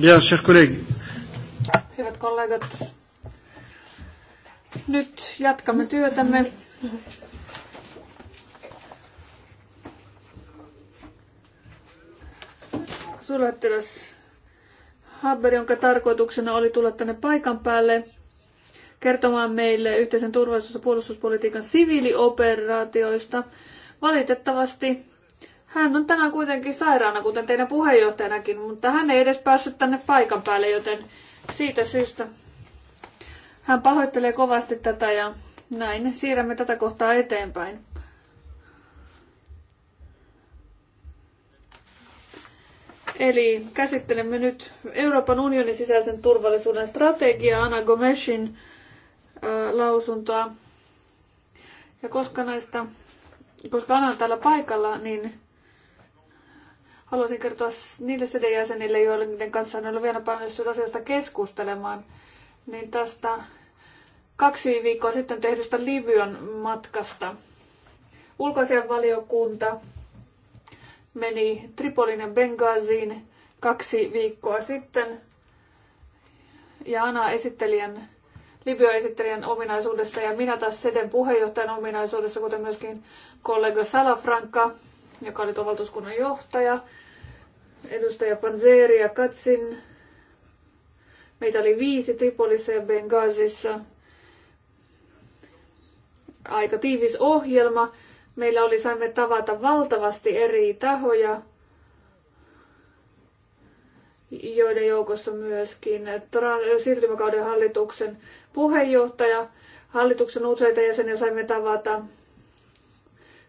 Bien, chers collègues. Hyvät kollegat, nyt jatkamme työtämme. Sulattelas Haber, jonka tarkoituksena oli tulla tänne paikan päälle kertomaan meille yhteisen turvallisuus- ja puolustuspolitiikan siviilioperaatioista. Valitettavasti hän on tänään kuitenkin sairaana, kuten teidän puheenjohtajanakin, mutta hän ei edes päässyt tänne paikan päälle, joten siitä syystä hän pahoittelee kovasti tätä ja näin siirrämme tätä kohtaa eteenpäin. Eli käsittelemme nyt Euroopan unionin sisäisen turvallisuuden strategiaa, Anna Gomesin ää, lausuntoa. Ja koska näistä, koska Anna on täällä paikalla, niin haluaisin kertoa niille seiden jäsenille, joiden kanssa en ollut vielä päässyt asiasta keskustelemaan, niin tästä kaksi viikkoa sitten tehdystä Libyan matkasta. valiokunta meni Tripolin ja Benghaziin kaksi viikkoa sitten. Ja Ana esittelijän, Libya-esittelijän ominaisuudessa ja minä taas Seden puheenjohtajan ominaisuudessa, kuten myöskin kollega Salafranca, joka oli tuon valtuuskunnan johtaja, edustaja Panzeri ja Katsin. Meitä oli viisi Tripolissa ja Bengazissa. Aika tiivis ohjelma. Meillä oli, saimme tavata valtavasti eri tahoja, joiden joukossa myöskin siirtymäkauden hallituksen puheenjohtaja, hallituksen useita jäseniä saimme tavata,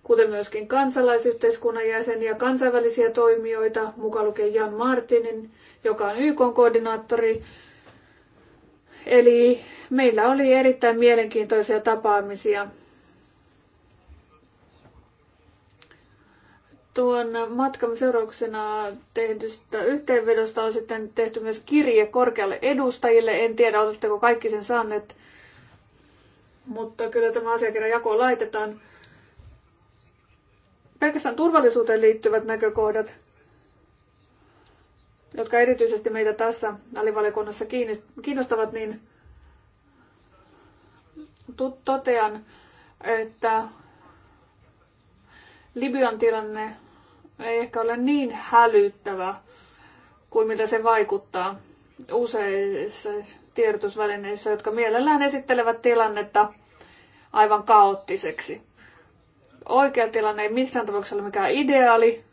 kuten myöskin kansalaisyhteiskunnan jäseniä, kansainvälisiä toimijoita, mukaan lukien Jan Martinin, joka on YK-koordinaattori. Eli meillä oli erittäin mielenkiintoisia tapaamisia. Tuon matkan seurauksena tehdystä yhteenvedosta on sitten tehty myös kirje korkealle edustajille. En tiedä, oletteko kaikki sen saaneet, mutta kyllä tämä asiakirja jakoon laitetaan pelkästään turvallisuuteen liittyvät näkökohdat, jotka erityisesti meitä tässä alivaliokunnassa kiinnostavat, niin totean, että Libyan tilanne ei ehkä ole niin hälyttävä kuin miltä se vaikuttaa useissa tiedotusvälineissä, jotka mielellään esittelevät tilannetta aivan kaoottiseksi oikea tilanne ei missään tapauksessa ole mikään ideaali,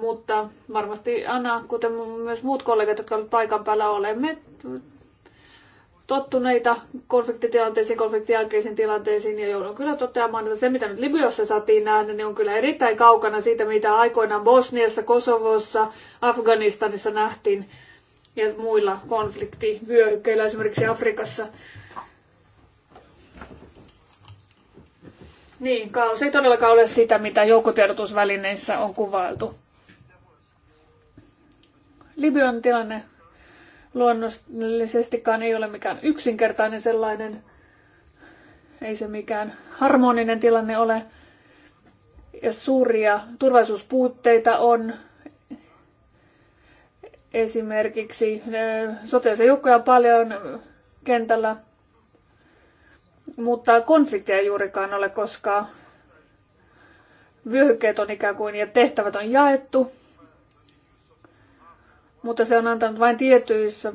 mutta varmasti Anna, kuten myös muut kollegat, jotka ovat paikan päällä, olemme tottuneita konfliktitilanteisiin, konfliktin tilanteisiin ja joudun kyllä toteamaan, että se mitä nyt Libyassa saatiin nähdä, niin on kyllä erittäin kaukana siitä, mitä aikoinaan Bosniassa, Kosovossa, Afganistanissa nähtiin ja muilla konfliktivyöhykkeillä esimerkiksi Afrikassa. Niin, kaos ei todellakaan ole sitä, mitä joukkotiedotusvälineissä on kuvailtu. Libyan tilanne luonnollisestikaan ei ole mikään yksinkertainen sellainen. Ei se mikään harmoninen tilanne ole. Ja suuria turvallisuuspuutteita on. Esimerkiksi eh, sotilaisen joukkoja on paljon eh, kentällä – mutta konflikteja juurikaan ole, koska vyöhykkeet on ikään kuin ja tehtävät on jaettu, mutta se on antanut vain tietyissä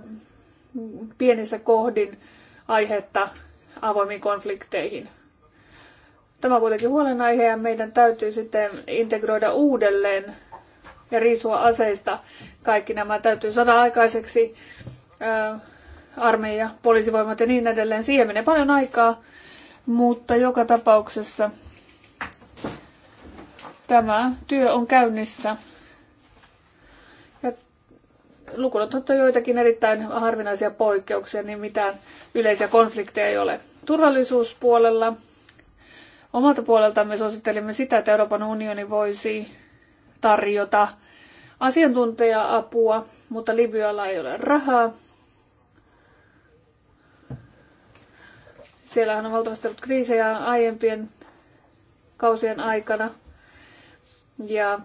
pienissä kohdin aihetta avoimiin konflikteihin. Tämä on kuitenkin huolenaihe ja meidän täytyy sitten integroida uudelleen ja riisua aseista kaikki nämä. Täytyy saada aikaiseksi armeija, poliisivoimat ja niin edelleen. Siihen menee paljon aikaa, mutta joka tapauksessa tämä työ on käynnissä. Ja lukunottamatta joitakin erittäin harvinaisia poikkeuksia, niin mitään yleisiä konflikteja ei ole. Turvallisuuspuolella omalta puoleltamme suosittelimme sitä, että Euroopan unioni voisi tarjota asiantuntija-apua, mutta Libyalla ei ole rahaa. siellä on valtavasti ollut kriisejä aiempien kausien aikana. Ja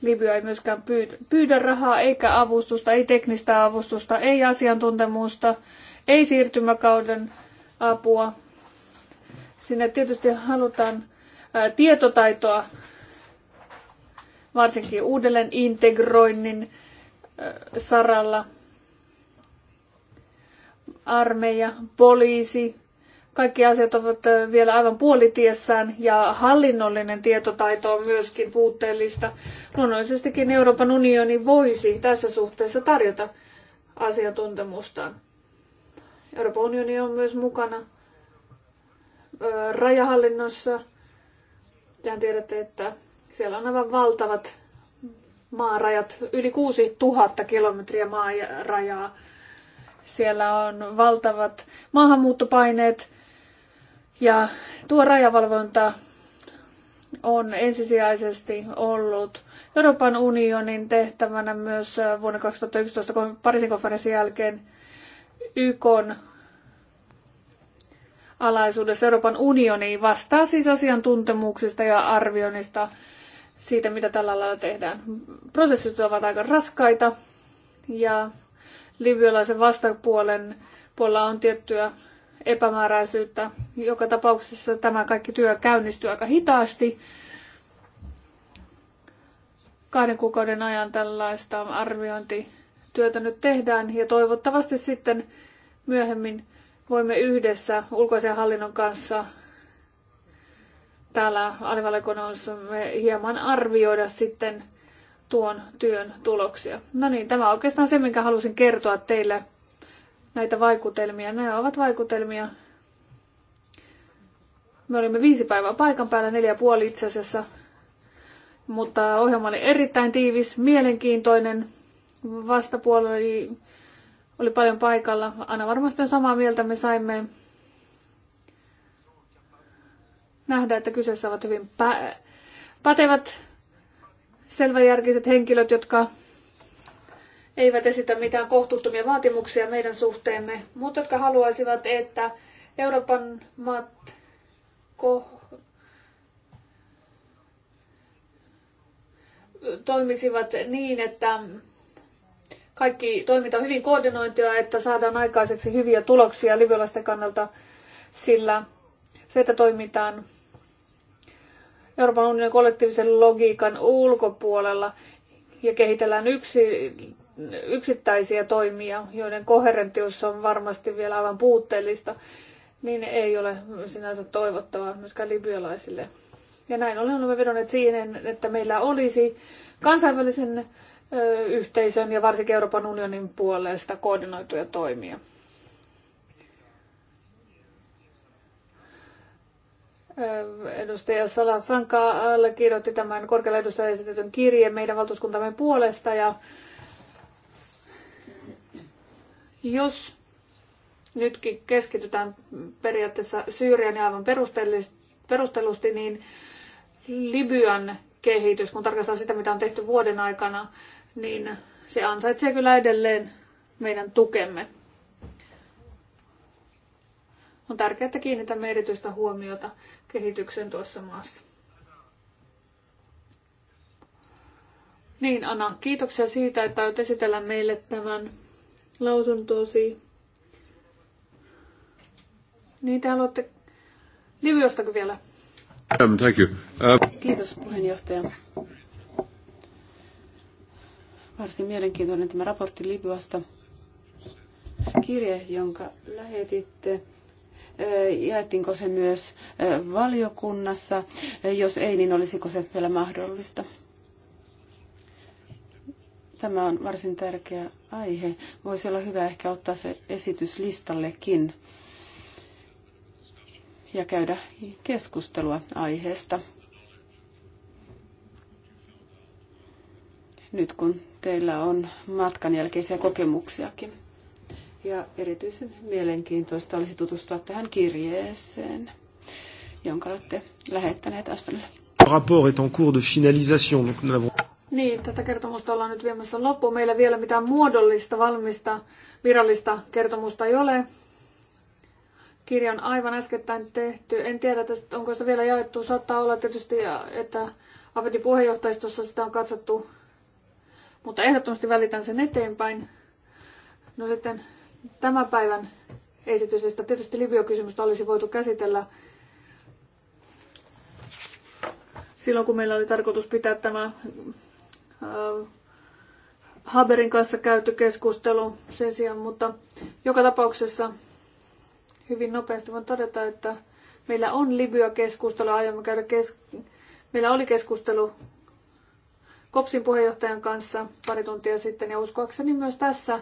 Libya ei myöskään pyydä, rahaa, eikä avustusta, ei teknistä avustusta, ei asiantuntemusta, ei siirtymäkauden apua. Sinne tietysti halutaan tietotaitoa, varsinkin uudelleen integroinnin saralla – armeija, poliisi, kaikki asiat ovat vielä aivan puolitiessään ja hallinnollinen tietotaito on myöskin puutteellista. Luonnollisestikin Euroopan unioni voisi tässä suhteessa tarjota asiantuntemustaan. Euroopan unioni on myös mukana rajahallinnossa. Tehän tiedätte, että siellä on aivan valtavat maarajat, yli 6000 kilometriä maarajaa siellä on valtavat maahanmuuttopaineet ja tuo rajavalvonta on ensisijaisesti ollut Euroopan unionin tehtävänä myös äh, vuonna 2011 Pariisin konferenssin jälkeen YK alaisuudessa Euroopan unioni vastaa siis asiantuntemuksista ja arvioinnista siitä, mitä tällä lailla tehdään. Prosessit ovat aika raskaita ja libyalaisen vastapuolen puolella on tiettyä epämääräisyyttä. Joka tapauksessa tämä kaikki työ käynnistyy aika hitaasti. Kahden kuukauden ajan tällaista arviointityötä nyt tehdään ja toivottavasti sitten myöhemmin voimme yhdessä ulkoisen hallinnon kanssa täällä alivaliokunnassa hieman arvioida sitten tuon työn tuloksia. No niin, tämä on oikeastaan se, minkä halusin kertoa teille näitä vaikutelmia. Ne ovat vaikutelmia. Me olimme viisi päivää paikan päällä, neljä puoli itse asiassa. Mutta ohjelma oli erittäin tiivis, mielenkiintoinen. Vastapuoli oli, oli paljon paikalla. Anna varmasti on samaa mieltä. Me saimme nähdä, että kyseessä ovat hyvin pä- pätevät selväjärkiset henkilöt, jotka eivät esitä mitään kohtuuttomia vaatimuksia meidän suhteemme, mutta jotka haluaisivat, että Euroopan maat ko- toimisivat niin, että kaikki toiminta on hyvin koordinointia, että saadaan aikaiseksi hyviä tuloksia libyalaisten kannalta, sillä se, että toimitaan Euroopan unionin kollektiivisen logiikan ulkopuolella ja kehitellään yksi, yksittäisiä toimia, joiden koherentius on varmasti vielä aivan puutteellista, niin ei ole sinänsä toivottavaa myöskään libyalaisille. Ja näin ollen olemme vedonneet siihen, että meillä olisi kansainvälisen yhteisön ja varsinkin Euroopan unionin puolesta koordinoituja toimia. Edustaja Salafranca allekirjoitti tämän korkealla edustajan esitetyn kirjeen meidän valtuuskuntamme puolesta ja jos nytkin keskitytään periaatteessa Syyrian ja aivan perustellusti, niin Libyan kehitys, kun tarkastaa sitä, mitä on tehty vuoden aikana, niin se ansaitsee kyllä edelleen meidän tukemme. On tärkeää, että kiinnitämme erityistä huomiota kehityksen tuossa maassa. Niin, Anna, kiitoksia siitä, että olet esitellä meille tämän lausuntosi. Niin, te haluatte Liviostako vielä? Um, thank you. Uh... Kiitos puheenjohtaja. Varsin mielenkiintoinen tämä raportti Libyasta. Kirje, jonka lähetitte, jaettiinko se myös valiokunnassa, jos ei, niin olisiko se vielä mahdollista? Tämä on varsin tärkeä aihe. Voisi olla hyvä ehkä ottaa se esitys listallekin ja käydä keskustelua aiheesta. Nyt kun teillä on matkan jälkeisiä kokemuksiakin. Ja erityisen mielenkiintoista olisi tutustua tähän kirjeeseen, jonka olette lähettäneet Astonille. Rapport est en cours de finalisation, donc nous l'avons... Niin, tätä kertomusta ollaan nyt viemässä loppuun. Meillä vielä mitään muodollista, valmista, virallista kertomusta ei ole. Kirja on aivan äskettäin tehty. En tiedä, että onko se vielä jaettu. Saattaa olla tietysti, että Avetin puheenjohtajistossa sitä on katsottu. Mutta ehdottomasti välitän sen eteenpäin. No sitten tämän päivän esityksestä. Tietysti Libyo-kysymystä olisi voitu käsitellä silloin, kun meillä oli tarkoitus pitää tämä äh, Haberin kanssa käyty keskustelu sen sijaan, mutta joka tapauksessa hyvin nopeasti voin todeta, että meillä on Libya-keskustelu, aiomme käydä kes... meillä oli keskustelu Kopsin puheenjohtajan kanssa pari tuntia sitten ja uskoakseni myös tässä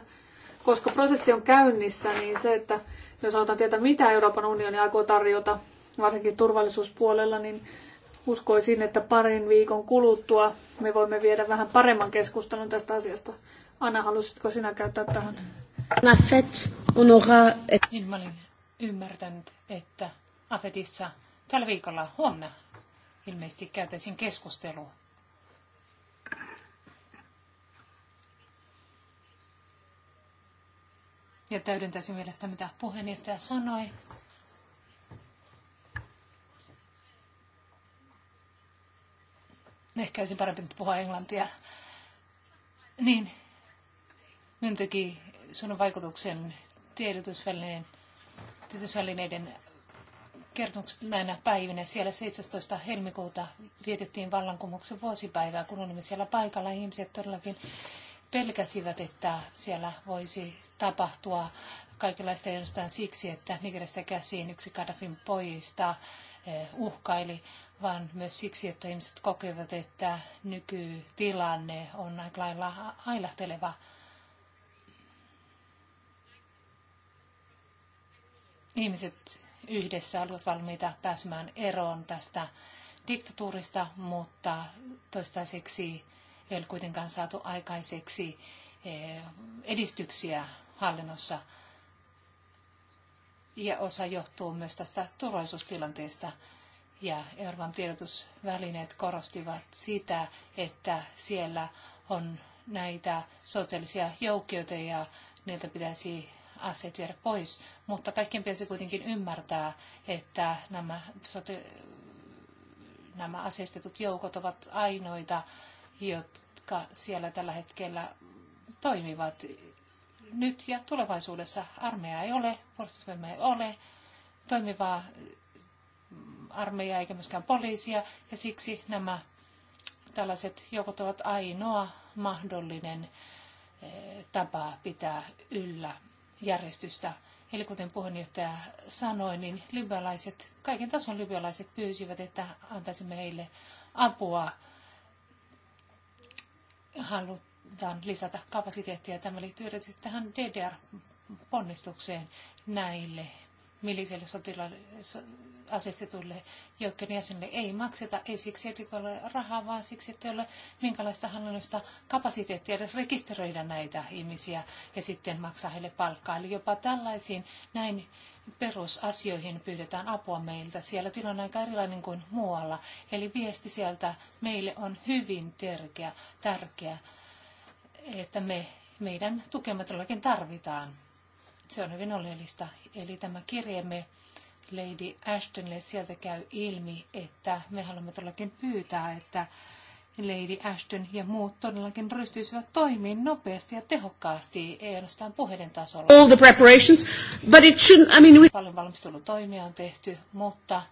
koska prosessi on käynnissä, niin se, että jos halutaan tietää, mitä Euroopan unioni aikoo tarjota, varsinkin turvallisuuspuolella, niin uskoisin, että parin viikon kuluttua me voimme viedä vähän paremman keskustelun tästä asiasta. Anna, halusitko sinä käyttää tähän? Niin, mä olin ymmärtänyt, että Afetissa tällä viikolla huomenna ilmeisesti käytäisiin keskustelu Ja täydentäisin vielä sitä, mitä puheenjohtaja sanoi. Ehkä olisi parempi nyt puhua englantia. Niin, minun teki sun vaikutuksen tiedotusvälineen, tiedotusvälineiden kertomukset näinä päivinä. Siellä 17. helmikuuta vietettiin vallankumouksen vuosipäivää, kun olimme siellä paikalla. Ihmiset todellakin pelkäsivät, että siellä voisi tapahtua kaikenlaista edustaan siksi, että Nigeristä käsiin yksi Gaddafin pojista eh, uhkaili, vaan myös siksi, että ihmiset kokevat, että nykytilanne on aika lailla ailahteleva. Ihmiset yhdessä olivat valmiita pääsemään eroon tästä diktatuurista, mutta toistaiseksi ei ole kuitenkaan saatu aikaiseksi eh, edistyksiä hallinnossa. Ja osa johtuu myös tästä turvallisuustilanteesta. Ja Euroopan tiedotusvälineet korostivat sitä, että siellä on näitä sotilaisia joukkoja ja niiltä pitäisi aseet viedä pois. Mutta kaikkien pitäisi kuitenkin ymmärtää, että nämä, sote, nämä aseistetut joukot ovat ainoita jotka siellä tällä hetkellä toimivat nyt ja tulevaisuudessa. Armeija ei ole, puolustusvoimia ei ole, toimivaa armeijaa eikä myöskään poliisia ja siksi nämä tällaiset joukot ovat ainoa mahdollinen eh, tapa pitää yllä järjestystä. Eli kuten puheenjohtaja sanoi, niin libyalaiset, kaiken tason libyalaiset pyysivät, että antaisimme heille apua halutaan lisätä kapasiteettia. Tämä liittyy erityisesti tähän DDR-ponnistukseen näille milliselle sotilaille asetetulle joukkojen jäsenille ei makseta, ei siksi, että ole rahaa, vaan siksi, että ei ole minkälaista hallinnollista kapasiteettia edes rekisteröidä näitä ihmisiä ja sitten maksaa heille palkkaa. Eli jopa tällaisiin näin perusasioihin pyydetään apua meiltä. Siellä tilanne on aika erilainen kuin muualla. Eli viesti sieltä meille on hyvin tärkeä, tärkeä että me, meidän tukemme todellakin tarvitaan. Se on hyvin oleellista. Eli tämä kirjemme Lady Ashtonille sieltä käy ilmi, että me haluamme todellakin pyytää, että Lady Ashton ja muut todellakin ryhtyisivät toimiin nopeasti ja tehokkaasti, ei ainoastaan puheiden tasolla. All the preparations, but it shouldn't, I mean we... Paljon valmistelutoimia on tehty, mutta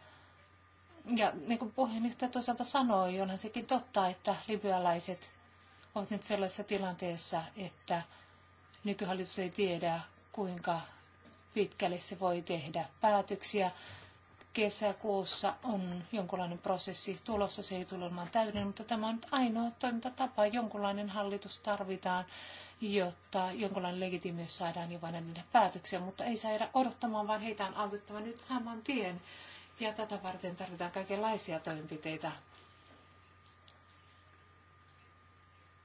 ja niin kuin puheenjohtaja toisaalta sanoi, onhan sekin totta, että libyalaiset ovat nyt sellaisessa tilanteessa, että nykyhallitus ei tiedä, kuinka pitkälle se voi tehdä päätöksiä kesäkuussa on jonkunlainen prosessi tulossa, se ei tule olemaan täyden, mutta tämä on nyt ainoa toimintatapa. Jonkunlainen hallitus tarvitaan, jotta jonkunlainen legitimiys saadaan jo vain päätöksiä, mutta ei saada odottamaan, vaan heitä on autettava nyt saman tien. Ja tätä varten tarvitaan kaikenlaisia toimenpiteitä.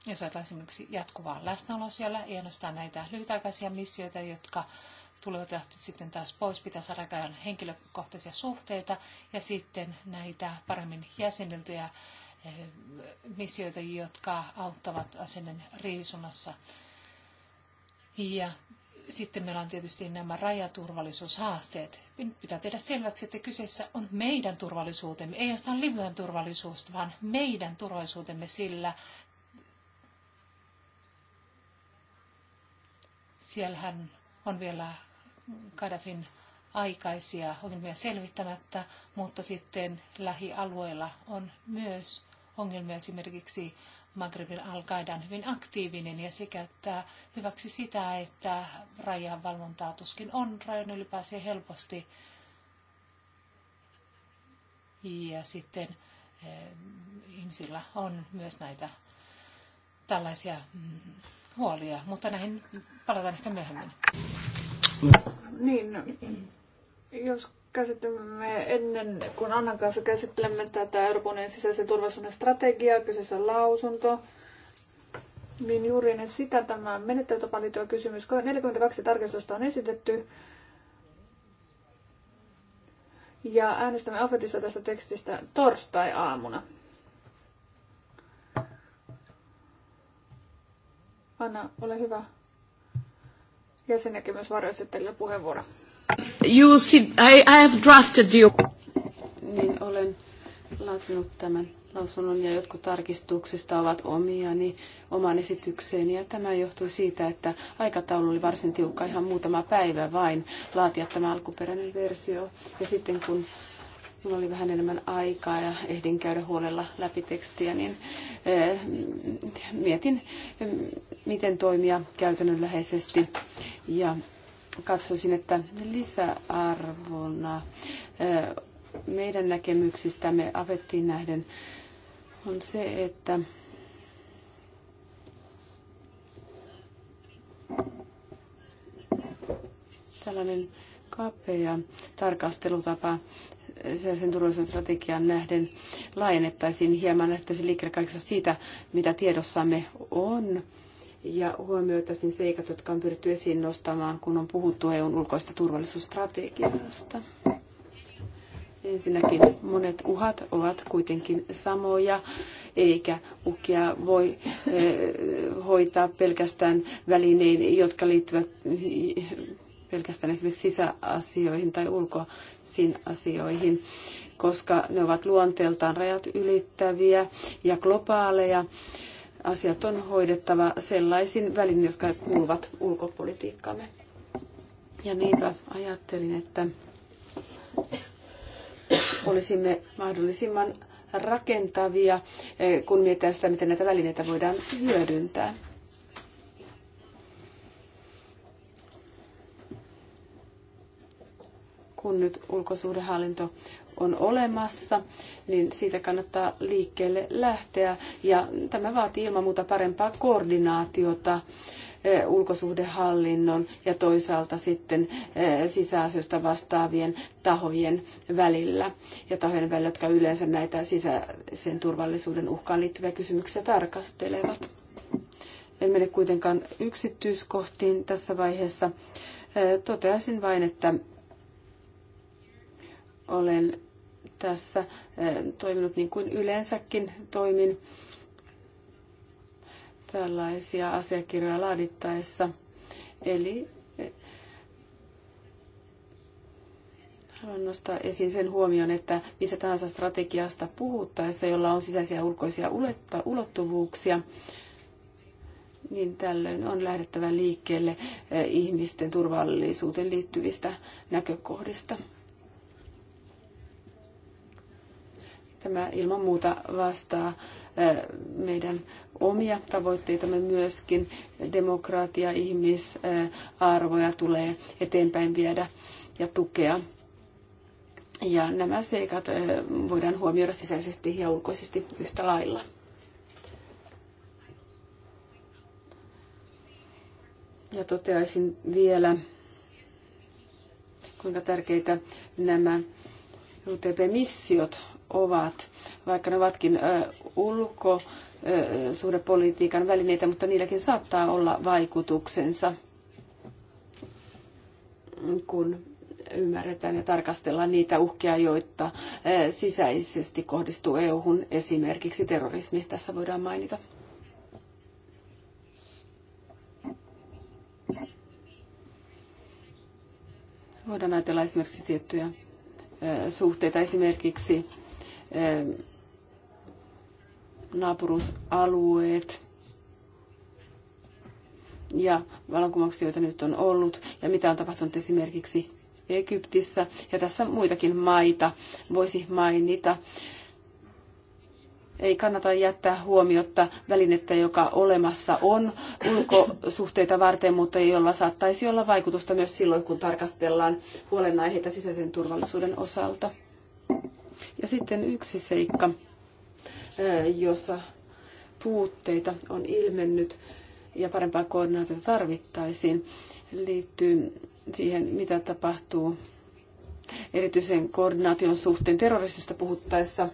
Jos ajatellaan esimerkiksi jatkuvaa läsnäoloa siellä, ei ainoastaan näitä lyhytaikaisia missioita, jotka tulevat lähti sitten taas pois, pitää saada aikaan henkilökohtaisia suhteita ja sitten näitä paremmin jäseniltyjä eh, missioita, jotka auttavat asennon riisunnassa. Ja sitten meillä on tietysti nämä rajaturvallisuushaasteet. Nyt pitää tehdä selväksi, että kyseessä on meidän turvallisuutemme, ei ainoastaan Libyan turvallisuus, vaan meidän turvallisuutemme sillä. Siellähän on vielä Gaddafin aikaisia ongelmia selvittämättä, mutta sitten lähialueilla on myös ongelmia esimerkiksi Maghrebin al qaidan hyvin aktiivinen ja se käyttää hyväksi sitä, että rajanvalvontaa tuskin on, rajan ylipääsee helposti. Ja sitten eh, ihmisillä on myös näitä tällaisia mm, huolia, mutta näihin palataan ehkä myöhemmin. Niin, no, jos käsittelemme ennen kuin Annan kanssa käsittelemme tätä Euroopan sisäisen turvallisuuden strategiaa, kyseessä on lausunto, niin juuri ennen sitä tämä menettelytapaan liittyvä kysymys. 42 tarkistusta on esitetty. Ja äänestämme Afetissa tästä tekstistä torstai-aamuna. Anna, ole hyvä. Ja myös puheenvuoro. You see, I, I have drafted you. Niin olen laatinut tämän lausunnon ja jotkut tarkistuksista ovat omiani, oman esitykseeni. Ja tämä johtui siitä, että aikataulu oli varsin tiukka, ihan muutama päivä vain laatia tämä alkuperäinen versio. Ja sitten kun Minulla oli vähän enemmän aikaa ja ehdin käydä huolella läpi tekstiä, niin eh, mietin, eh, miten toimia käytännönläheisesti ja katsoisin, että lisäarvona eh, meidän näkemyksistämme avettiin nähden on se, että tällainen kapea tarkastelutapa sen turvallisuusstrategiaan nähden laajennettaisiin hieman, se liikkeelle kaikessa siitä, mitä tiedossamme on, ja huomioitaisiin seikat, jotka on pyritty esiin nostamaan, kun on puhuttu EUn ulkoista turvallisuusstrategiasta. Ensinnäkin monet uhat ovat kuitenkin samoja, eikä uhkia voi eh, hoitaa pelkästään välinein, jotka liittyvät pelkästään esimerkiksi sisäasioihin tai ulkoisiin asioihin, koska ne ovat luonteeltaan rajat ylittäviä ja globaaleja. Asiat on hoidettava sellaisin välin, jotka kuuluvat ulkopolitiikkaamme. Ja niinpä ajattelin, että olisimme mahdollisimman rakentavia, eh, kun mietitään sitä, miten näitä välineitä voidaan hyödyntää. kun nyt ulkosuhdehallinto on olemassa, niin siitä kannattaa liikkeelle lähteä. Ja tämä vaatii ilman muuta parempaa koordinaatiota eh, ulkosuhdehallinnon ja toisaalta sitten eh, sisäasioista vastaavien tahojen välillä ja tahojen välillä, jotka yleensä näitä sisäisen turvallisuuden uhkaan liittyviä kysymyksiä tarkastelevat. En mene kuitenkaan yksityiskohtiin tässä vaiheessa. Eh, toteaisin vain, että olen tässä eh, toiminut niin kuin yleensäkin toimin tällaisia asiakirjoja laadittaessa. Eli eh, haluan nostaa esiin sen huomion, että missä tahansa strategiasta puhuttaessa, jolla on sisäisiä ja ulkoisia ulottuvuuksia, niin tällöin on lähdettävä liikkeelle eh, ihmisten turvallisuuteen liittyvistä näkökohdista. Tämä ilman muuta vastaa meidän omia tavoitteitamme myöskin. Demokratia, ihmisarvoja tulee eteenpäin viedä ja tukea. Ja nämä seikat voidaan huomioida sisäisesti ja ulkoisesti yhtä lailla. Ja toteaisin vielä, kuinka tärkeitä nämä UTP-missiot ovat, vaikka ne ovatkin ulkosuhdepolitiikan välineitä, mutta niilläkin saattaa olla vaikutuksensa, kun ymmärretään ja tarkastellaan niitä uhkia, joita sisäisesti kohdistuu EU-hun, esimerkiksi terrorismi tässä voidaan mainita. Voidaan ajatella esimerkiksi tiettyjä suhteita esimerkiksi naapurusalueet ja valokuvauksia, joita nyt on ollut, ja mitä on tapahtunut esimerkiksi Egyptissä, ja tässä muitakin maita voisi mainita. Ei kannata jättää huomiotta välinettä, joka olemassa on ulkosuhteita varten, mutta jolla saattaisi olla vaikutusta myös silloin, kun tarkastellaan huolenaiheita sisäisen turvallisuuden osalta. Ja sitten yksi seikka, jossa puutteita on ilmennyt ja parempaa koordinaatiota tarvittaisiin, liittyy siihen, mitä tapahtuu erityisen koordinaation suhteen terrorismista puhuttaessa.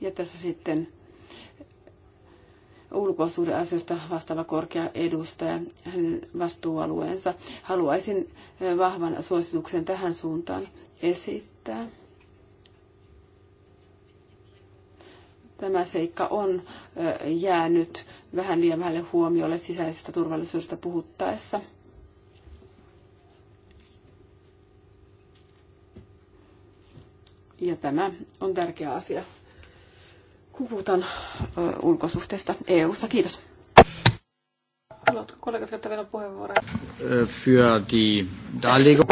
Ja tässä sitten asioista vastaava korkea edustaja, hänen vastuualueensa. Haluaisin eh, vahvan suosituksen tähän suuntaan esittää. Tämä seikka on eh, jäänyt vähän liian vähälle huomiolle sisäisestä turvallisuudesta puhuttaessa. Ja tämä on tärkeä asia Kuhutan puhutaan ulkosuhteista EU-ssa. Kiitos. Haluatko kollegat käyttää vielä puheenvuoroja? Für die Darlegung.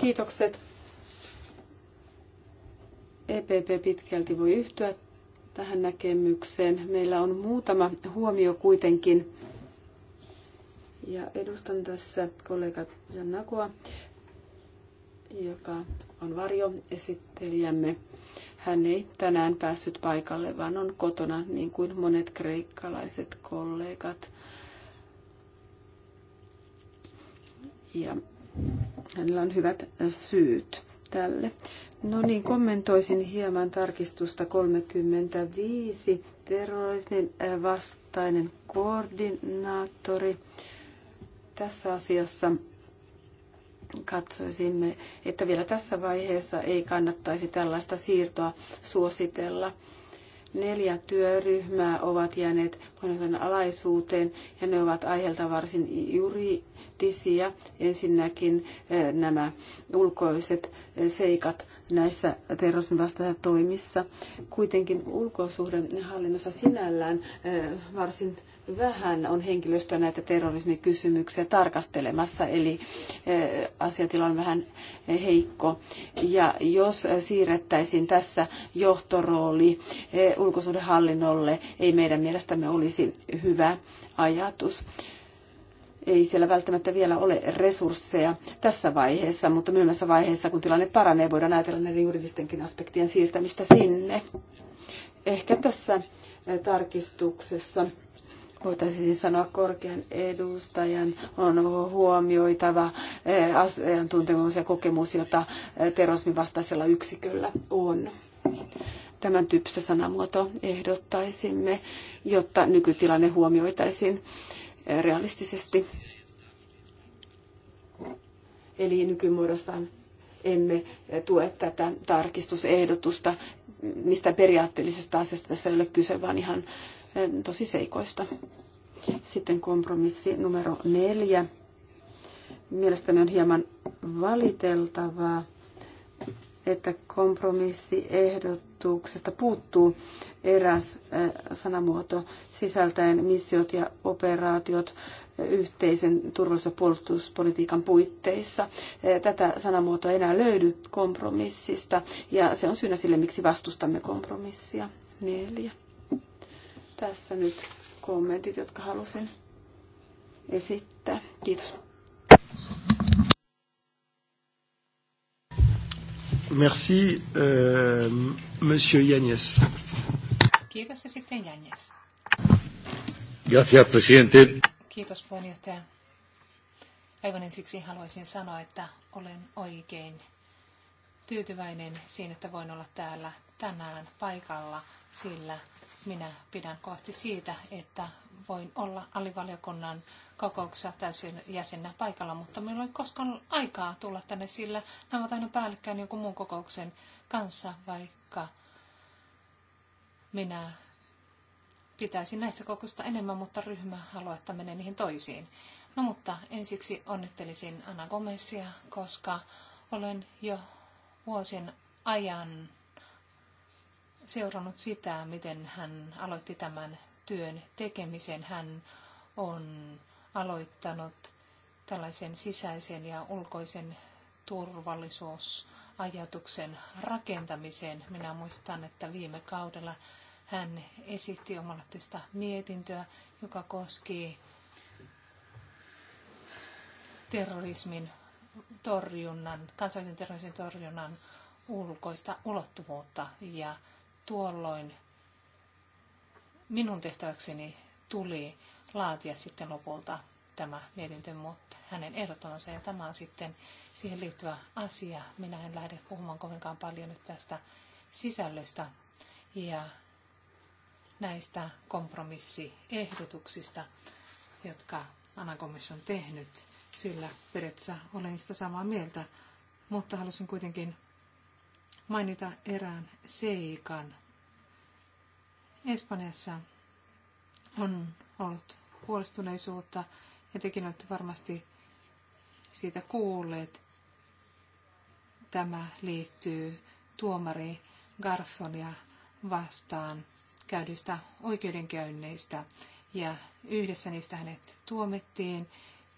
Kiitokset. EPP pitkälti voi yhtyä tähän näkemykseen. Meillä on muutama huomio kuitenkin. Ja edustan tässä kollega Jannakoa, joka on varjoesittelijämme. Hän ei tänään päässyt paikalle, vaan on kotona, niin kuin monet kreikkalaiset kollegat. Ja hänellä on hyvät syyt tälle. No niin, kommentoisin hieman tarkistusta 35. Terrorismin äh, vastainen koordinaattori. Tässä asiassa katsoisimme, että vielä tässä vaiheessa ei kannattaisi tällaista siirtoa suositella. Neljä työryhmää ovat jääneet monen alaisuuteen ja ne ovat aiheelta varsin juridisia. Ensinnäkin eh, nämä ulkoiset eh, seikat näissä terrorismin toimissa. Kuitenkin ulkosuhdehallinnossa sinällään eh, varsin vähän on henkilöstöä näitä terrorismikysymyksiä tarkastelemassa, eli e, asiatila on vähän heikko. Ja jos siirrettäisiin tässä johtorooli e, ulkosuhdehallinnolle, ei meidän mielestämme olisi hyvä ajatus ei siellä välttämättä vielä ole resursseja tässä vaiheessa, mutta myöhemmässä vaiheessa, kun tilanne paranee, voidaan ajatella näiden juridistenkin aspektien siirtämistä sinne. Ehkä tässä e, tarkistuksessa voitaisiin sanoa korkean edustajan, on huomioitava eh, asiantuntemus ja kokemus, jota eh, terrorismin vastaisella yksiköllä on. Tämän tyyppistä sanamuoto ehdottaisimme, jotta nykytilanne huomioitaisiin eh, realistisesti. Eli nykymuodossaan emme tue tätä tarkistusehdotusta. Mistä periaatteellisesta asiasta tässä ei ole kyse, vaan ihan seikoista. Sitten kompromissi numero neljä. Mielestäni on hieman valiteltavaa, että kompromissiehdotuksesta puuttuu eräs sanamuoto sisältäen missiot ja operaatiot yhteisen turvallisuus- ja puolustuspolitiikan puitteissa. Tätä sanamuotoa ei enää löydy kompromissista ja se on syynä sille, miksi vastustamme kompromissia. Neljä. Tässä nyt kommentit, jotka halusin esittää. Kiitos. Merci, euh, Monsieur Yáñez. Kiitos ja sitten Yáñez. Gracias, presidente. Kiitos puheenjohtaja. Aivan ensiksi haluaisin sanoa, että olen oikein tyytyväinen siinä, että voin olla täällä tänään paikalla, sillä minä pidän kovasti siitä, että voin olla alivaliokunnan kokouksessa täysin jäsenä paikalla, mutta minulla ei koskaan aikaa tulla tänne, sillä nämä ovat aina päällekkäin jonkun muun kokouksen kanssa, vaikka minä pitäisin näistä kokousta enemmän, mutta ryhmä haluaa, että menee niihin toisiin. No mutta ensiksi onnittelisin Anna Gomesia, koska olen jo vuosien ajan seurannut sitä, miten hän aloitti tämän työn tekemisen. Hän on aloittanut tällaisen sisäisen ja ulkoisen turvallisuusajatuksen rakentamiseen. Minä muistan, että viime kaudella hän esitti omalaatuista mietintöä, joka koski terrorismin torjunnan, kansallisen terrorismin torjunnan ulkoista ulottuvuutta ja tuolloin minun tehtäväkseni tuli laatia sitten lopulta tämä mietintö, mutta hänen ehdotonsa ja tämä on sitten siihen liittyvä asia. Minä en lähde puhumaan kovinkaan paljon nyt tästä sisällöstä ja näistä kompromissiehdotuksista, jotka Anakomis on tehnyt, sillä periaatteessa olen sitä samaa mieltä, mutta halusin kuitenkin mainita erään seikan. Espanjassa on ollut huolestuneisuutta ja tekin olette varmasti siitä kuulleet. Tämä liittyy tuomari Garthonia vastaan käydyistä oikeudenkäynneistä ja yhdessä niistä hänet tuomittiin.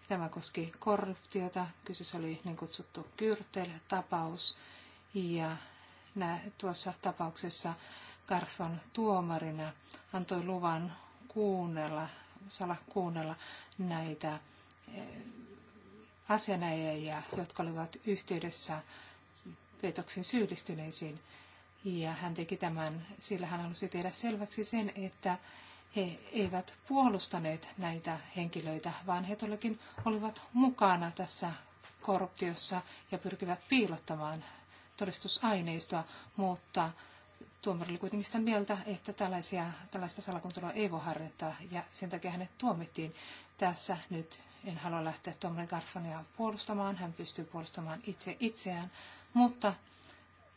Tämä koski korruptiota, kyseessä oli niin kutsuttu Kyrtel-tapaus ja nä, tuossa tapauksessa Garfon tuomarina antoi luvan kuunnella, sala kuunnella näitä eh, asianajajia, jotka olivat yhteydessä petoksen syyllistyneisiin. Ja hän teki tämän, sillä hän halusi tehdä selväksi sen, että he eivät puolustaneet näitä henkilöitä, vaan he todellakin olivat mukana tässä korruptiossa ja pyrkivät piilottamaan todistusaineistoa, mutta tuomari oli kuitenkin sitä mieltä, että tällaisia, tällaista salakuntelua ei voi harjoittaa ja sen takia hänet tuomittiin. Tässä nyt en halua lähteä Tomri Garfania puolustamaan, hän pystyy puolustamaan itse itseään, mutta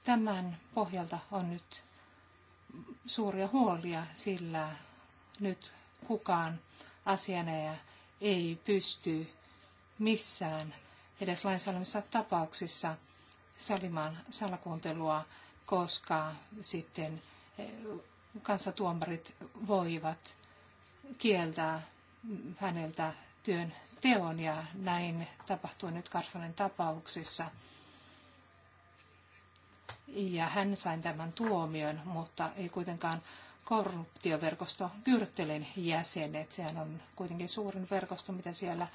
tämän pohjalta on nyt suuria huolia, sillä nyt kukaan asianajaja ei pysty missään edes lainsäädännössä tapauksissa – salimaan salakuuntelua, koska sitten eh, kansatuomarit voivat kieltää häneltä työn teon ja näin tapahtui nyt Karfonen tapauksessa. Ja hän sai tämän tuomion, mutta ei kuitenkaan korruptioverkosto Kyrttelin jäsenet. Sehän on kuitenkin suurin verkosto, mitä siellä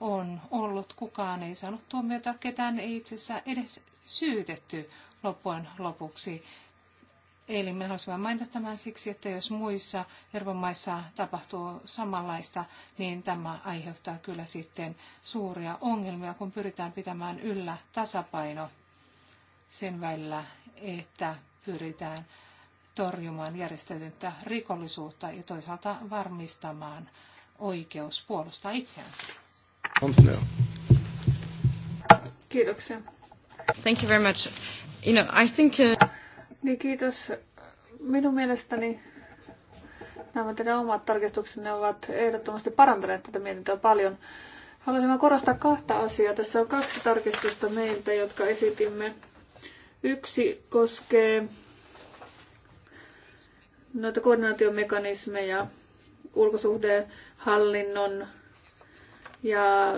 on ollut. Kukaan ei saanut tuomiota, ketään ei itse asiassa edes syytetty loppujen lopuksi. Eli me haluaisimme mainita tämän siksi, että jos muissa Euroopan maissa tapahtuu samanlaista, niin tämä aiheuttaa kyllä sitten suuria ongelmia, kun pyritään pitämään yllä tasapaino sen välillä, että pyritään torjumaan järjestäytyntä rikollisuutta ja toisaalta varmistamaan oikeus puolustaa itseään. Kiitoksia. Thank you very much. You know, I think... Uh... Niin, kiitos. Minun mielestäni nämä teidän omat tarkistuksenne ovat ehdottomasti parantaneet tätä mietintöä paljon. Haluaisin korostaa kahta asiaa. Tässä on kaksi tarkistusta meiltä, jotka esitimme. Yksi koskee noita koordinaatiomekanismeja ulkosuhdehallinnon ja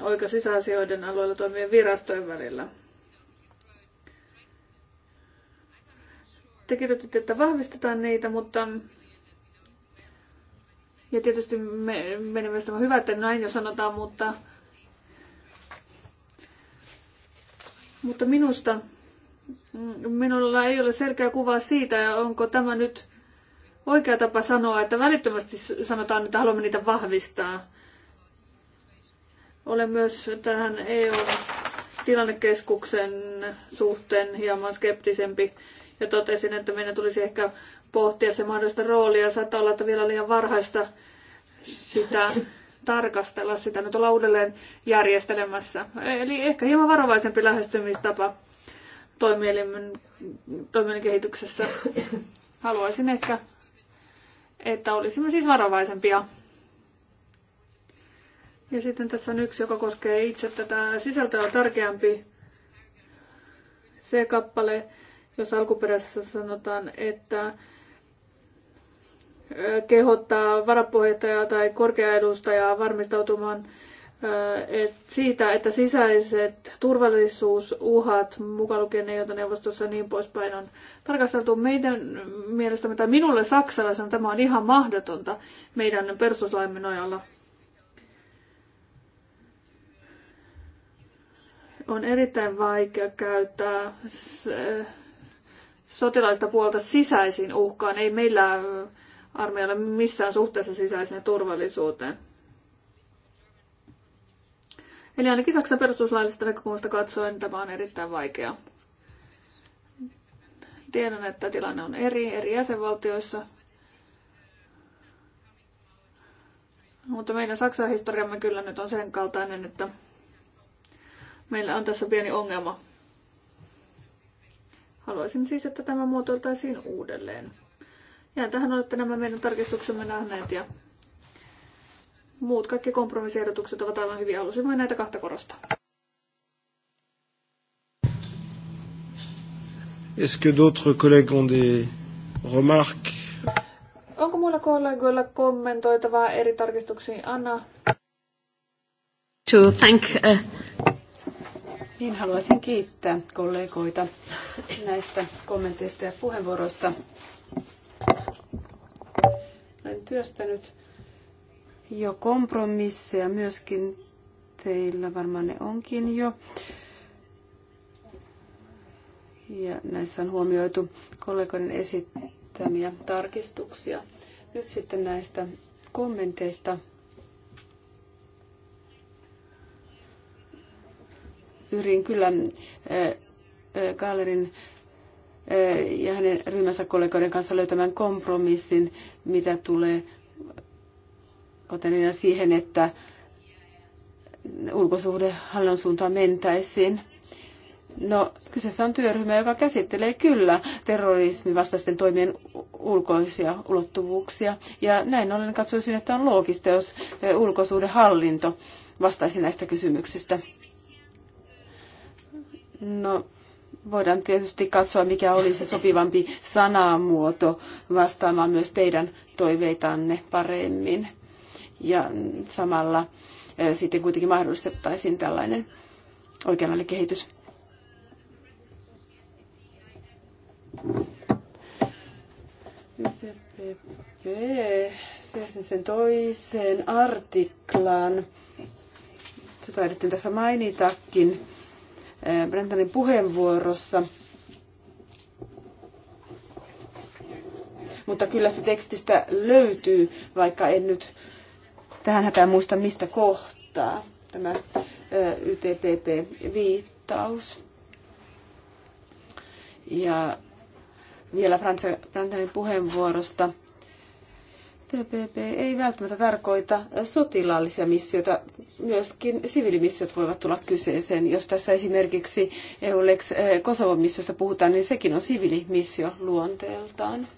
oikeus- sisäasioiden alueella toimivien virastojen välillä. Te kirjoititte, että vahvistetaan niitä, mutta... Ja tietysti me, meidän mielestä on hyvä, että näin jo sanotaan, mutta... Mutta minusta minulla ei ole selkeä kuva siitä, onko tämä nyt oikea tapa sanoa, että välittömästi sanotaan, että haluamme niitä vahvistaa. Olen myös tähän EU-tilannekeskuksen suhteen hieman skeptisempi ja totesin, että meidän tulisi ehkä pohtia se mahdollista roolia. Saattaa olla, että vielä liian varhaista sitä tarkastella. Sitä nyt ollaan uudelleen järjestelemässä. Eli ehkä hieman varovaisempi lähestymistapa toimielimen, toimielimen kehityksessä. Haluaisin ehkä, että olisimme siis varovaisempia. Ja sitten tässä on yksi, joka koskee itse tätä sisältöä tärkeämpi. Se kappale, jos alkuperäisessä sanotaan, että kehottaa varapuheenjohtajaa tai korkeaedustajaa varmistautumaan siitä, että sisäiset turvallisuusuhat, mukaan lukien ne, joita neuvostossa niin poispäin on tarkasteltu meidän mielestämme, tai minulle saksalaisen tämä on ihan mahdotonta meidän perustuslaimme nojalla. On erittäin vaikea käyttää sotilaista puolta sisäisiin uhkaan. Ei meillä armeijalla missään suhteessa sisäiseen turvallisuuteen. Eli ainakin Saksan perustuslaillisesta näkökulmasta katsoen tämä on erittäin vaikea. Tiedän, että tilanne on eri eri jäsenvaltioissa. Mutta meidän Saksan historiamme kyllä nyt on sen kaltainen, että meillä on tässä pieni ongelma. Haluaisin siis, että tämä muotoiltaisiin uudelleen. Ja tähän olette nämä meidän tarkistuksemme nähneet ja muut kaikki kompromissiehdotukset ovat aivan hyviä. Halusin vain näitä kahta korostaa. Onko muilla kollegoilla kommentoitavaa eri tarkistuksiin? Anna. To thank, uh... Niin haluaisin kiittää kollegoita näistä kommenteista ja puheenvuoroista. Olen työstänyt jo kompromisseja myöskin teillä varmaan ne onkin jo. Ja näissä on huomioitu kollegoiden esittämiä tarkistuksia. Nyt sitten näistä kommenteista pyrin kyllä Kallerin ja hänen ryhmänsä kollegoiden kanssa löytämään kompromissin, mitä tulee Kotelina siihen, että ulkosuhdehallinnon suuntaan mentäisiin. No, kyseessä on työryhmä, joka käsittelee kyllä terrorismin vastaisten toimien ulkoisia ulottuvuuksia. Ja näin ollen katsoisin, että on loogista, jos ulkosuhdehallinto vastaisi näistä kysymyksistä. No, voidaan tietysti katsoa, mikä olisi sopivampi sanamuoto vastaamaan myös teidän toiveitanne paremmin. Ja samalla sitten kuitenkin mahdollistettaisiin tällainen oikeanlainen kehitys. YCPP, sen toisen artiklaan. Se taidettiin tässä mainitakin Äh, Brentanin puheenvuorossa. Mutta kyllä se tekstistä löytyy, vaikka en nyt tähän hätään muista mistä kohtaa tämä äh, YTPP-viittaus. Ja vielä Brentanin puheenvuorosta TPP ei välttämättä tarkoita sotilaallisia missioita. Myöskin siviilimissiot voivat tulla kyseeseen. Jos tässä esimerkiksi EULEX eh, Kosovon missiosta puhutaan, niin sekin on siviilimissio luonteeltaan.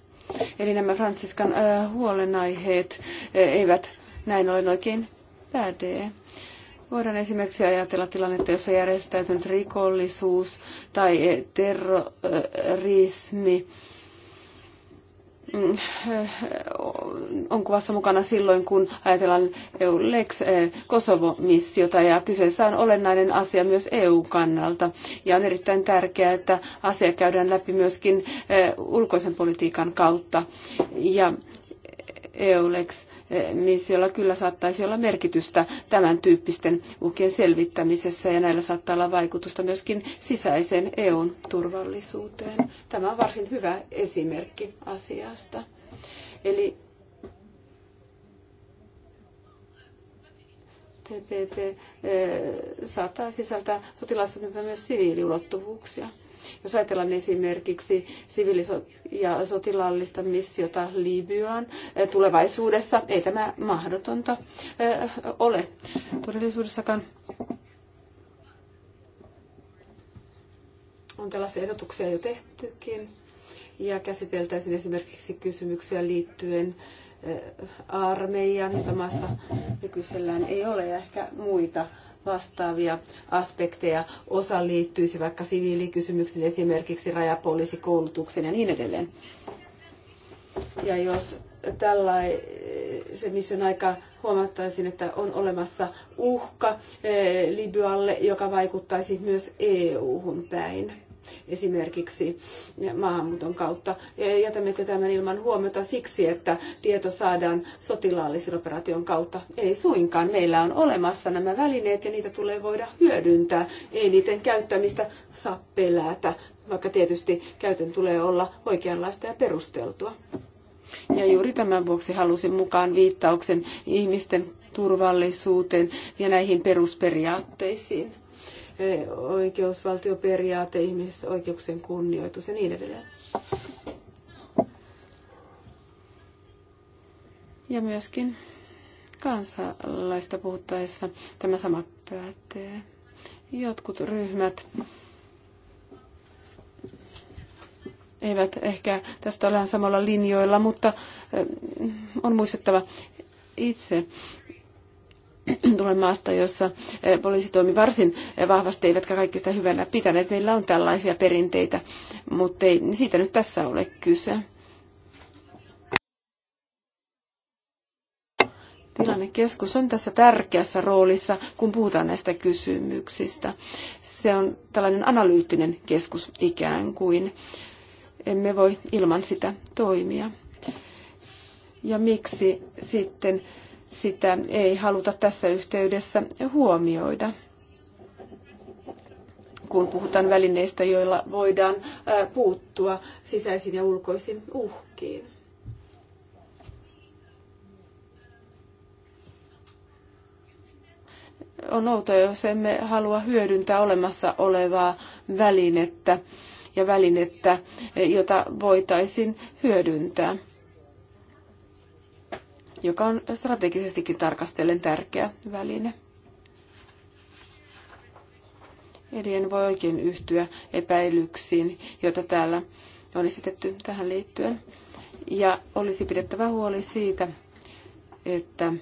Eli nämä Franciskan eh, huolenaiheet eh, eivät näin ollen oikein päde. Voidaan esimerkiksi ajatella tilannetta, jossa järjestäytynyt rikollisuus tai terrorismi Mm, on kuvassa mukana silloin, kun ajatellaan EU-Lex Kosovo-missiota ja kyseessä on olennainen asia myös EU-kannalta. Ja on erittäin tärkeää, että asia käydään läpi myöskin ulkoisen politiikan kautta. Ja eu EU-Lex niin siellä kyllä saattaisi olla merkitystä tämän tyyppisten uhkien selvittämisessä ja näillä saattaa olla vaikutusta myöskin sisäiseen EUn turvallisuuteen. Tämä on varsin hyvä esimerkki asiasta. Eli TPP eh, saattaa sisältää sotilaista myös siviiliulottuvuuksia. Jos ajatellaan esimerkiksi siviilis- ja sotilaallista missiota Libyaan eh, tulevaisuudessa, ei tämä mahdotonta eh, ole todellisuudessakaan. On tällaisia ehdotuksia jo tehtykin ja käsiteltäisiin esimerkiksi kysymyksiä liittyen eh, armeijaan, jota maassa nykyisellään ei ole ja ehkä muita vastaavia aspekteja. Osa liittyisi vaikka siviilikysymyksiin, esimerkiksi rajapoliisikoulutukseen ja niin edelleen. Ja jos tällaisen mission aika huomattaisiin, että on olemassa uhka eh, Libyalle, joka vaikuttaisi myös EU-hun päin esimerkiksi maahanmuuton kautta. Jätämmekö tämän ilman huomiota siksi, että tieto saadaan sotilaallisen operaation kautta? Ei suinkaan. Meillä on olemassa nämä välineet ja niitä tulee voida hyödyntää. Ei niiden käyttämistä saa pelätä, vaikka tietysti käytön tulee olla oikeanlaista ja perusteltua. Ja juuri tämän vuoksi halusin mukaan viittauksen ihmisten turvallisuuteen ja näihin perusperiaatteisiin. E, oikeusvaltioperiaate, ihmisoikeuksien kunnioitus ja niin edelleen. Ja myöskin kansalaista puhuttaessa tämä sama pätee. Jotkut ryhmät eivät ehkä tästä ole samalla linjoilla, mutta e, on muistettava itse tulen maasta, jossa eh, poliisi toimi varsin eh, vahvasti, eivätkä kaikki sitä hyvänä pitäneet. Meillä on tällaisia perinteitä, mutta ei niin siitä nyt tässä ole kyse. Tilannekeskus on tässä tärkeässä roolissa, kun puhutaan näistä kysymyksistä. Se on tällainen analyyttinen keskus ikään kuin. Emme voi ilman sitä toimia. Ja miksi sitten sitä ei haluta tässä yhteydessä huomioida kun puhutaan välineistä, joilla voidaan puuttua sisäisiin ja ulkoisiin uhkiin. On outoa, jos emme halua hyödyntää olemassa olevaa välinettä ja välinettä, jota voitaisiin hyödyntää joka on strategisestikin tarkastellen tärkeä väline. Eli en voi oikein yhtyä epäilyksiin, joita täällä on esitetty tähän liittyen. Ja olisi pidettävä huoli siitä, että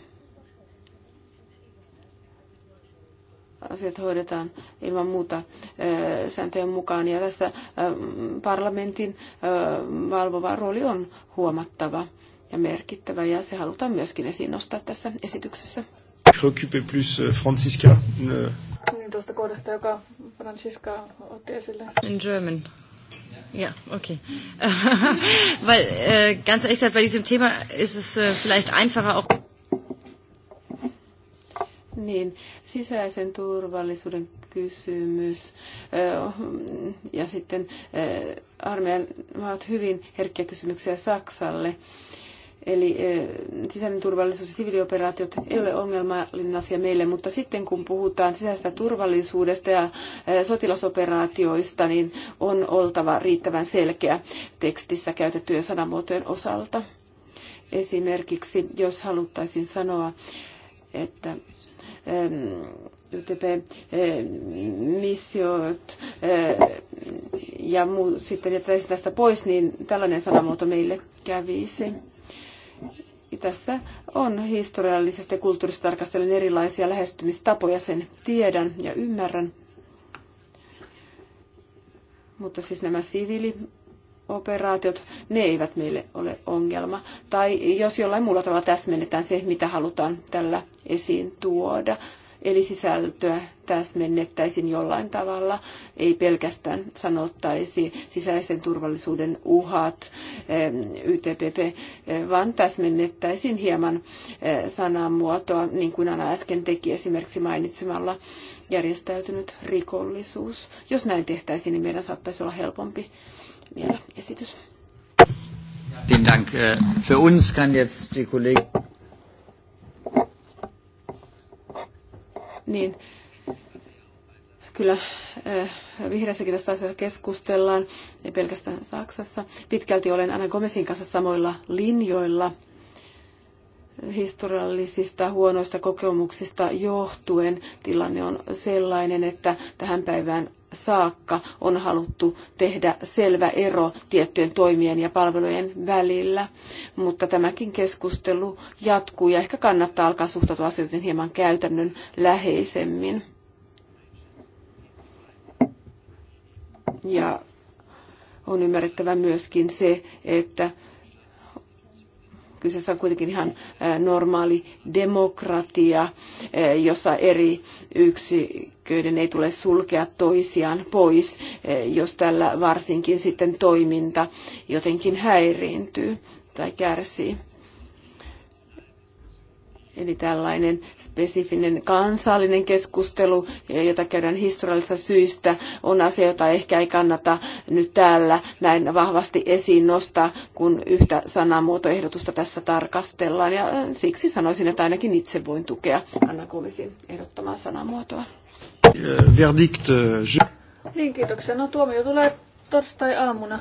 asiat hoidetaan ilman muuta sääntöjen mukaan. Ja tässä parlamentin valvova rooli on huomattava ja merkittävä, ja se halutaan myöskin esiin nostaa tässä esityksessä. plus euh, Francisca. Euh, niin tuosta kohdasta, joka Francisca otti esille. In German. Ja, okay. Weil äh, ganz ehrlich gesagt, bei diesem Thema ist es äh, vielleicht einfacher auch. Niin, sisäisen turvallisuuden kysymys äh, ja sitten äh, armeijan ovat hyvin herkkiä kysymyksiä Saksalle. Eli e, sisäinen turvallisuus ja siviilioperaatiot ei ole ongelmallinen asia meille, mutta sitten kun puhutaan sisäisestä turvallisuudesta ja e, sotilasoperaatioista, niin on oltava riittävän selkeä tekstissä käytettyjen sanamuotojen osalta. Esimerkiksi jos haluttaisiin sanoa, että e, YTP-missiot ja muu sitten jättäisi tästä pois, niin tällainen sanamuoto meille kävisi tässä on historiallisesti ja kulttuurisesti tarkastellen erilaisia lähestymistapoja, sen tiedän ja ymmärrän. Mutta siis nämä siviilioperaatiot, ne eivät meille ole ongelma. Tai jos jollain muulla tavalla täsmennetään se, mitä halutaan tällä esiin tuoda. Eli sisältöä täsmennettäisiin jollain tavalla, ei pelkästään sanottaisi sisäisen turvallisuuden uhat, YTPP, vaan täsmennettäisiin hieman sanamuotoa, niin kuin Anna äsken teki esimerkiksi mainitsemalla järjestäytynyt rikollisuus. Jos näin tehtäisiin, niin meidän saattaisi olla helpompi vielä esitys. Vielen Dank. Äh, für uns kann jetzt die Kollegin... niin kyllä eh, vihreässäkin tästä asiasta keskustellaan, ei pelkästään Saksassa. Pitkälti olen Anna Gomesin kanssa samoilla linjoilla historiallisista huonoista kokemuksista johtuen tilanne on sellainen, että tähän päivään saakka on haluttu tehdä selvä ero tiettyjen toimien ja palvelujen välillä, mutta tämäkin keskustelu jatkuu ja ehkä kannattaa alkaa suhtautua asioihin hieman käytännön läheisemmin. Ja on ymmärrettävä myöskin se, että Kyseessä on kuitenkin ihan normaali demokratia, jossa eri yksiköiden ei tule sulkea toisiaan pois, jos tällä varsinkin sitten toiminta jotenkin häiriintyy tai kärsii. Eli tällainen spesifinen kansallinen keskustelu, jota käydään historiallisista syistä, on asia, jota ehkä ei kannata nyt täällä näin vahvasti esiin nostaa, kun yhtä sanamuotoehdotusta tässä tarkastellaan. Ja äh, siksi sanoisin, että ainakin itse voin tukea Anna Kuulisin ehdottamaa sanamuotoa. Verdict. Niin, kiitoksia. No tuomio tulee torstai-aamuna.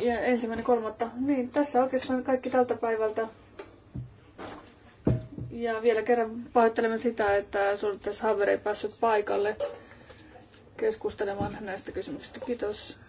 ja ensimmäinen kolmatta. Niin, tässä oikeastaan kaikki tältä päivältä. Ja vielä kerran pahoittelemme sitä, että suunnitteessa haveri ei päässyt paikalle keskustelemaan näistä kysymyksistä. Kiitos.